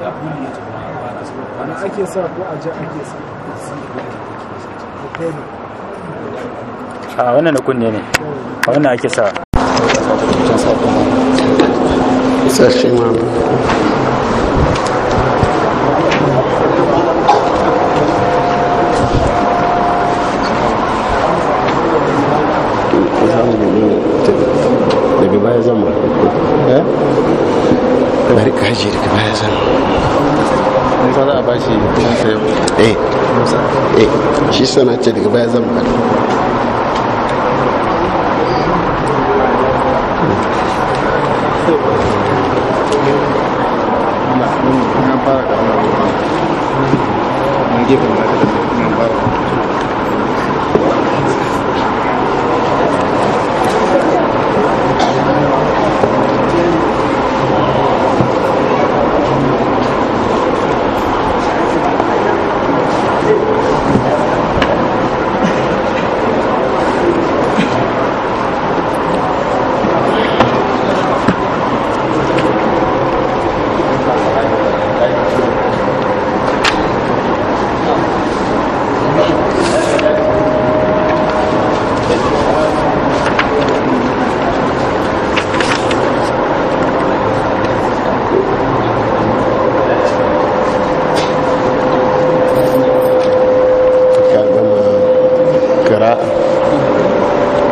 da abin ya wani ake sa ko a ja ake sa ko su yi da sa a wannan na kunne ne a wannan ake sa sashen daga baya zan ma eh? bari ka daga baya zan za a ba shi kansa eh eh shi sana ce daga baya gefen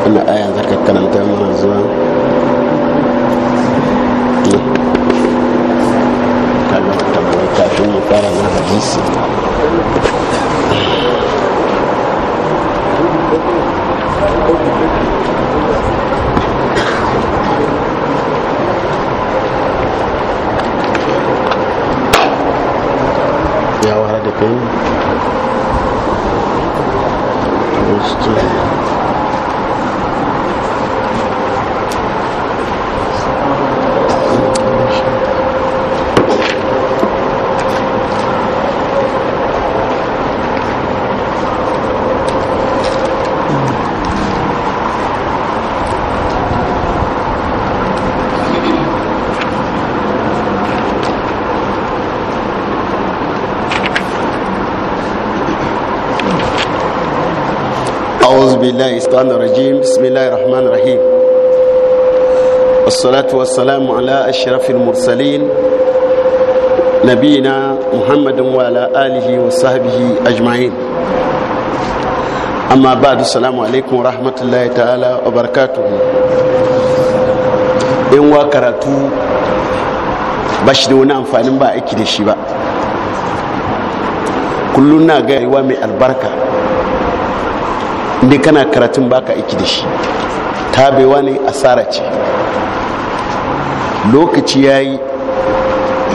wannan ayan za ka karanta mana zuwa kallon tambayi kafin mu fara na hadisi ya wahara da kai أعوذ بالله الشيطان الرجيم بسم الله الرحمن الرحيم والصلاة والسلام على أشرف المرسلين نبينا محمد وعلى آله وصحبه أجمعين أما بعد السلام عليكم ورحمة الله تعالى وبركاته إن وكرتو بشدونا أنفعنا بأكيد الشباب كلنا غير وامي البركة inda kana karatun baka aiki da shi ta tabewa ne asara ce lokaci ya yi